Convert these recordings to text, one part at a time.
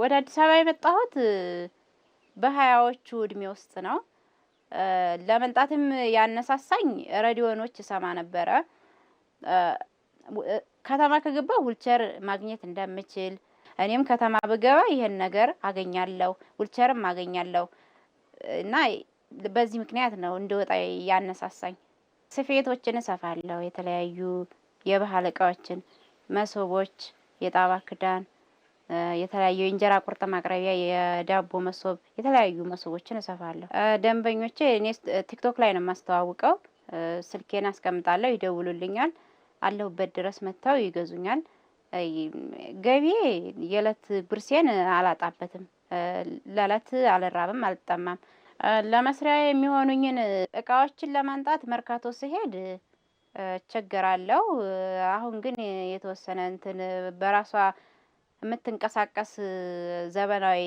ወደ አዲስ አበባ የመጣሁት በሀያዎቹ እድሜ ውስጥ ነው። ለመምጣትም ያነሳሳኝ ሬዲዮኖች እሰማ ነበረ። ከተማ ከገባ ውልቸር ማግኘት እንደምችል እኔም ከተማ ብገባ ይህን ነገር አገኛለሁ፣ ውልቸርም አገኛለሁ እና በዚህ ምክንያት ነው እንደወጣ ያነሳሳኝ። ስፌቶችን እሰፋለሁ፣ የተለያዩ የባህል እቃዎችን፣ መሶቦች፣ የጣባ ክዳን የተለያዩ የእንጀራ ቁርጥ ማቅረቢያ፣ የዳቦ መሶብ፣ የተለያዩ መሶቦችን እሰፋለሁ። ደንበኞቼ እኔ ቲክቶክ ላይ ነው የማስተዋውቀው። ስልኬን አስቀምጣለሁ፣ ይደውሉልኛል። አለሁበት ድረስ መጥተው ይገዙኛል። ገቢ የእለት ብርሴን አላጣበትም። ለእለት አልራብም፣ አልጠማም። ለመስሪያ የሚሆኑኝን እቃዎችን ለማንጣት መርካቶ ስሄድ እቸገራለሁ። አሁን ግን የተወሰነ እንትን በራሷ የምትንቀሳቀስ ዘመናዊ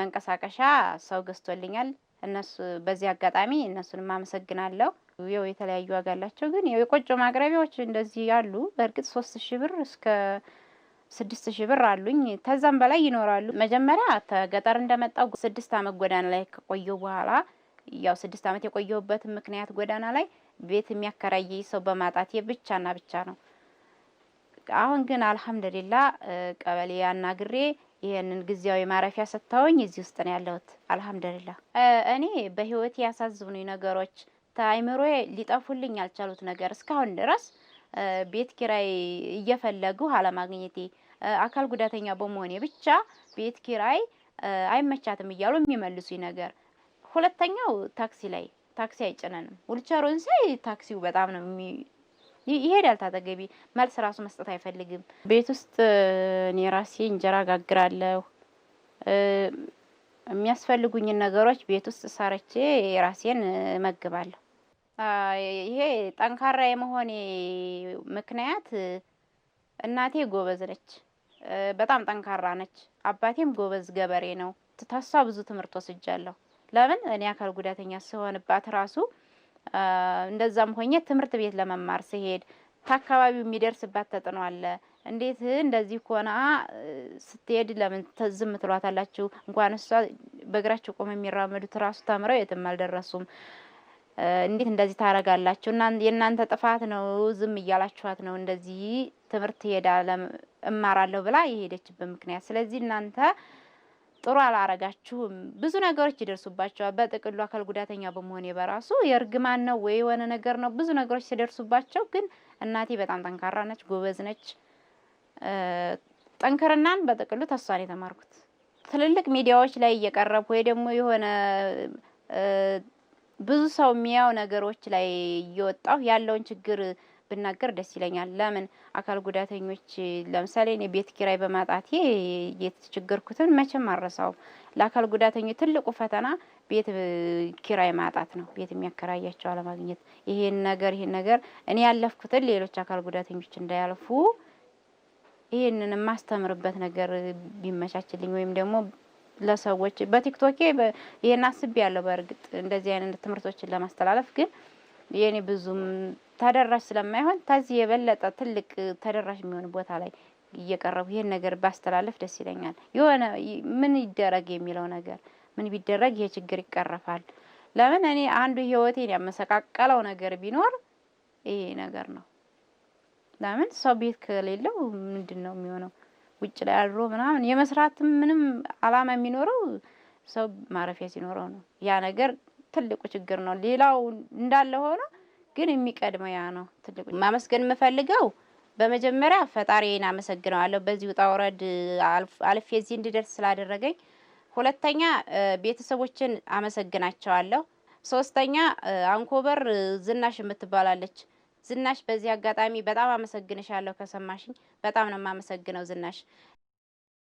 መንቀሳቀሻ ሰው ገዝቶልኛል። እነሱ በዚህ አጋጣሚ እነሱንም አመሰግናለሁ። ው የተለያዩ ዋጋ አላቸው፣ ግን የቆጮ ማቅረቢያዎች እንደዚህ ያሉ በእርግጥ ሶስት ሺ ብር እስከ ስድስት ሺ ብር አሉኝ። ከዛም በላይ ይኖራሉ። መጀመሪያ ከገጠር እንደመጣው ስድስት አመት ጎዳና ላይ ከቆየ በኋላ ያው ስድስት አመት የቆየሁበትን ምክንያት ጎዳና ላይ ቤት የሚያከራይ ሰው በማጣቴ ብቻና ብቻ ነው። አሁን ግን አልሐምዱሊላ ቀበሌ አናግሬ ይህንን ጊዜያዊ ማረፊያ ሰጥተውኝ እዚህ ውስጥ ነው ያለሁት። አልሐምዱሊላ እኔ በህይወት ያሳዝኑኝ ነገሮች አይምሮዬ ሊጠፉልኝ ያልቻሉት ነገር እስካሁን ድረስ ቤት ኪራይ እየፈለጉ አለማግኘቴ፣ አካል ጉዳተኛ በመሆኔ ብቻ ቤት ኪራይ አይመቻትም እያሉ የሚመልሱኝ ነገር። ሁለተኛው ታክሲ ላይ ታክሲ አይጭነንም። ውልቸሩን ሳይ ታክሲው በጣም ነው ይሄዳል ታጠገቢ መልስ ራሱ መስጠት አይፈልግም። ቤት ውስጥ እኔ ራሴ እንጀራ ጋግራለሁ። የሚያስፈልጉኝን ነገሮች ቤት ውስጥ ሰርቼ ራሴን እመግባለሁ። ይሄ ጠንካራ የመሆኔ ምክንያት እናቴ ጎበዝ ነች፣ በጣም ጠንካራ ነች። አባቴም ጎበዝ ገበሬ ነው። ተሷ ብዙ ትምህርት ወስጃለሁ። ለምን እኔ አካል ጉዳተኛ ስሆንባት ራሱ እንደዛም ሆኜ ትምህርት ቤት ለመማር ስሄድ ከአካባቢው የሚደርስባት ተጽዕኖ አለ። እንዴት እንደዚህ ኮና ስትሄድ ለምን ዝም ትሏታላችሁ? እንኳን እሷ በእግራቸው ቆመ የሚራመዱት ራሱ ተምረው የትም አልደረሱም። እንዴት እንደዚህ ታረጋላችሁ? የእናንተ ጥፋት ነው፣ ዝም እያላችኋት ነው። እንደዚህ ትምህርት ሄዳ እማራለሁ ብላ የሄደችበት ምክንያት ስለዚህ እናንተ ጥሩ አላረጋችሁም። ብዙ ነገሮች ይደርሱባቸዋል። በጥቅሉ አካል ጉዳተኛ በመሆኔ በራሱ የእርግማን ነው ወይ የሆነ ነገር ነው ብዙ ነገሮች ሲደርሱባቸው፣ ግን እናቴ በጣም ጠንካራ ነች፣ ጎበዝ ነች። ጠንክርናን በጥቅሉ ተሷን የተማርኩት ትልልቅ ሚዲያዎች ላይ እየቀረብኩ ወይ ደግሞ የሆነ ብዙ ሰው የሚያው ነገሮች ላይ እየወጣሁ ያለውን ችግር ብናገር ደስ ይለኛል። ለምን አካል ጉዳተኞች ለምሳሌ እኔ ቤት ኪራይ በማጣቴ የተቸገርኩትን መቼም አረሳውም። ለአካል ጉዳተኞች ትልቁ ፈተና ቤት ኪራይ ማጣት ነው፣ ቤት የሚያከራያቸው አለማግኘት። ይሄን ነገር ይሄን ነገር እኔ ያለፍኩትን ሌሎች አካል ጉዳተኞች እንዳያልፉ ይህንን የማስተምርበት ነገር ቢመቻችልኝ ወይም ደግሞ ለሰዎች በቲክቶኬ ይሄን አስቤ ያለው በእርግጥ እንደዚህ አይነት ትምህርቶችን ለማስተላለፍ ግን የኔ ብዙም ተደራሽ ስለማይሆን ከዚህ የበለጠ ትልቅ ተደራሽ የሚሆን ቦታ ላይ እየቀረቡ ይህን ነገር ባስተላለፍ ደስ ይለኛል። የሆነ ምን ይደረግ የሚለው ነገር ምን ቢደረግ ይሄ ችግር ይቀረፋል። ለምን እኔ አንዱ ህይወቴን ያመሰቃቀለው ነገር ቢኖር ይሄ ነገር ነው። ለምን ሰው ቤት ከሌለው ምንድን ነው የሚሆነው? ውጭ ላይ አድሮ ምናምን የመስራትም ምንም አላማ የሚኖረው ሰው ማረፊያ ሲኖረው ነው። ያ ነገር ትልቁ ችግር ነው። ሌላው እንዳለ ሆነው ግን የሚቀድመው ያ ነው። ትልቁ ማመስገን የምፈልገው በመጀመሪያ ፈጣሪ አመሰግነዋለሁ። በዚህ ውጣ ውረድ አልፌ የዚህ እንድደርስ ስላደረገኝ። ሁለተኛ ቤተሰቦችን አመሰግናቸዋለሁ። ሶስተኛ አንኮበር ዝናሽ የምትባላለች ዝናሽ፣ በዚህ አጋጣሚ በጣም አመሰግንሻለሁ። ከሰማሽኝ በጣም ነው የማመሰግነው ዝናሽ።